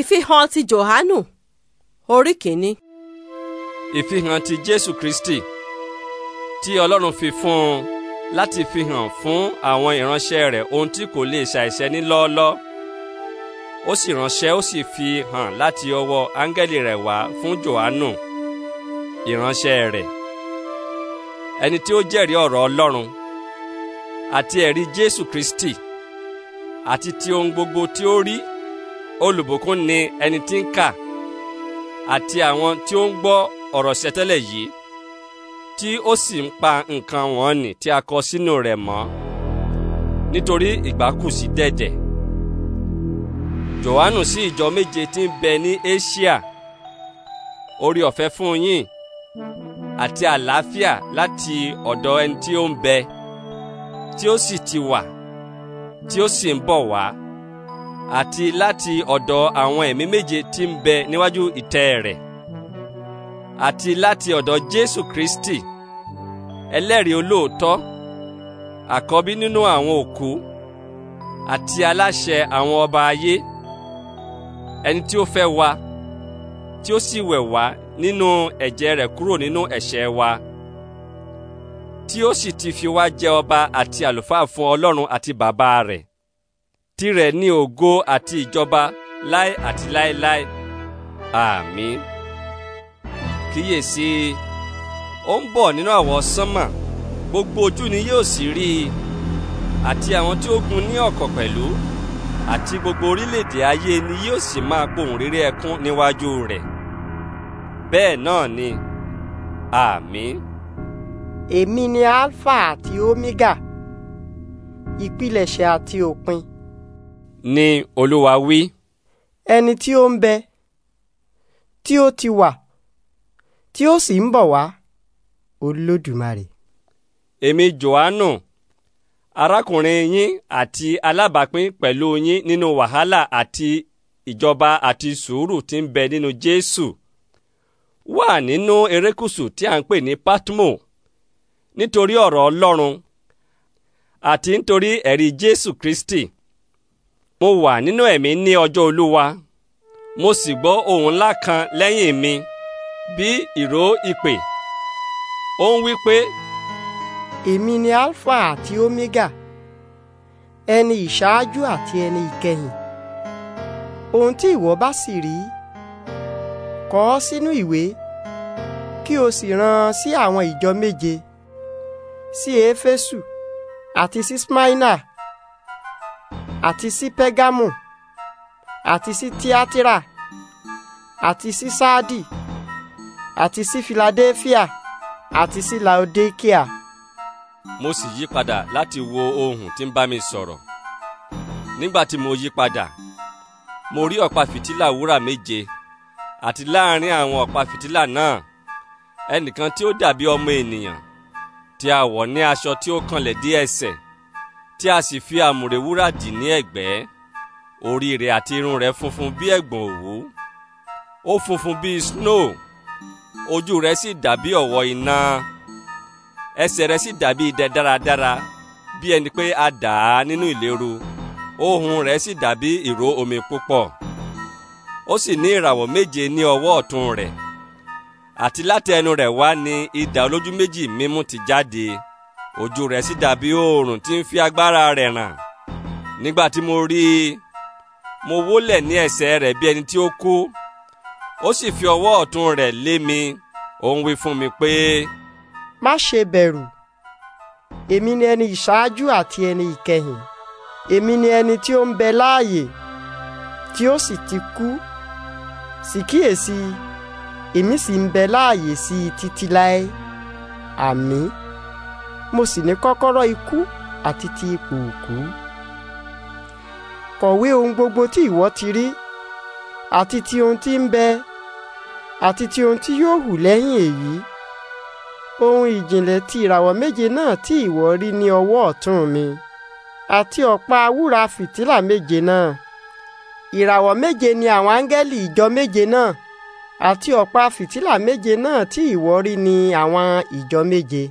ìfihàn ti johanu orí kìíní. ìfihàn ti jésù kristi tí ọlọ́run fi fún un láti fihàn fún àwọn ìránṣẹ́ rẹ̀ ohun tí kò lè ṣàìṣẹ ní lọ́ọ́lọ́ ó sì ránṣẹ́ ó sì fi hàn láti ọwọ́ áńgẹ́lì rẹ̀ wá fún johanu ìránṣẹ́ rẹ̀ ẹni tí ó jẹ́rìí ọ̀rọ̀ ọlọ́run àti ẹ̀rí jésù kristi àti ti ohun gbogbo tí ó rí olùbùkún ni ẹni tí ń kà àti àwọn tí ó ń gbọ́ ọ̀rọ̀ ṣẹtẹ́lẹ̀ yìí tí ó sì ń pa nǹkan wọn nì tí a kọ sínú rẹ̀ mọ́ nítorí ìgbà kù sí dẹ̀dẹ̀ Jòhánù sí ìjọ méje tí ń bẹ ní Éṣíà orí ọ̀fẹ́ fún yín àti àlàáfíà láti ọ̀dọ̀ ẹni tí ó ń bẹ tí ó sì ti wà tí ó sì ń bọ̀ wá. Wa àti láti ọ̀dọ̀ àwọn ẹ̀mí méje tí ń bẹ níwájú ìtẹ́ rẹ̀ àti láti ọ̀dọ̀ Jésù Kristi ẹlẹ́rìí olóòótọ́ àkọ́bí nínú àwọn òkú àti aláṣẹ àwọn ọba ayé ẹni tí ó fẹ́ wa tí ó sì wẹ̀ wá nínú ẹ̀jẹ̀ rẹ̀ kúrò nínú ẹ̀ṣẹ̀ wa tí ó sì ti fi wá jẹ ọba àti àlùfáà fún Ọlọ́run àti bàbá rẹ̀ Tìrẹ ni ògo àti ìjọba láé àti láéláé. Àmín. Kíyèsí, ó ń bọ̀ nínú àwọsánmà, gbogbo ojú ni yóò sì rí i, àti àwọn tí ó gún ní ọ̀kọ̀ pẹ̀lú, àti gbogbo orílẹ̀-èdè ayé ni yóò sì máa pohùn réré ẹkún níwájú rẹ̀. Bẹ́ẹ̀ náà ni. Àmín. Èmi ni Alpha àti Omega, ìpilẹ̀ṣẹ̀ àti òpin ni Olúwa wí. ẹni tí ó ń bẹ tí ó ti wà tí ó sì ń bọ̀ wá Olódùmarè. èmi Jòhánù arákùnrin yín àti alábàápín pẹ̀lú yín nínú wàhálà àti ìjọba àti sùúrù tí ń bẹ nínú Jésù wà nínú erékùṣù tí a ń pè ní Patmo nítorí ọ̀rọ̀ Ọlọ́run àti nítorí ẹ̀rí Jésù Kristi mo wà nínú ẹ̀mí ní ọjọ́ olúwa mo sì gbọ́ ohùn ńlá kan lẹ́yìn mi bí ìró ìpè ó ń wí pé. èmi ni alpha àti omega ẹni ìṣáájú àti ẹni ìkẹyìn ohun tí ìwọ bá sì rí kọ ọ́ sínú ìwé kí o sì rán sí àwọn ìjọ méje sí éfésù àti sí smyrna àti sí pẹ́gámù àti sí tíátírà àti sí sáàdì àti sí filadelfia àti sí laodikia. mo sì yí padà láti wo ohùn tí ń bá mi sọ̀rọ̀ nígbà tí mo yí padà mo rí ọ̀pá fìtílà wúrà méje àti láàrin àwọn ọ̀pá fìtílà náà ẹnìkan tí ó dàbí ọmọ ènìyàn tí a wọ̀ ní aṣọ tí ó kanlẹ̀ dé ẹsẹ̀ tí a sì fi àmùrè wúrà dì ní ẹ̀gbẹ́ orí rẹ̀ àti irun rẹ̀ funfun bí ẹ̀gbọ̀n òwú ó funfun bíi snow ojú rẹ̀ sì dàbí ọ̀wọ́ iná ẹsẹ̀ rẹ̀ sì dàbí idẹ dáradára bí ẹni pé a dà á nínú ìléru ohùn rẹ̀ sì dàbí ìró omi púpọ̀ ó sì ní ìràwọ̀ méje ní ọwọ́ ọ̀tún rẹ̀ àti láti ẹnu rẹ̀ wá ni idà olójú méjì mímú ti jáde ojú rẹ̀ sì dàbí oòrùn tí ń fi agbára rẹ̀ ràn nígbà tí mo rí i mo wólẹ̀ ní ẹsẹ̀ rẹ̀ bí ẹni tí ó kú ó sì fi ọwọ́ ọ̀tún rẹ̀ lé mi ó ń wí fún mi pé. má ṣe bẹ̀rù èmi ni ẹni ìṣáájú àti ẹni ìkẹyìn èmi ni ẹni tí ó ń bẹ láàyè tí ó sì ti kú sì kíyèsí èmi sì ń bẹ láàyè sí i títí láé àmín mo sì ní kọ́kọ́rọ́ ikú àti ti ipò òkú. kọ̀wé ohun gbogbo tí ìwọ ti rí àti ti ohun tí ń bẹ àti ti ohun tí yóò hù lẹ́yìn èyí ohun ìjìnlẹ̀ ti ìràwọ̀ méje náà tí ìwọ rí ní ọwọ́ ọ̀tún mi àti ọ̀pá wúrà fìtílà méje náà ìràwọ̀ méje ni àwọn áńgẹ́lì ìjọ méje náà àti ọ̀pá fìtílà méje náà tí ìwọ rí ní àwọn ìjọ méje.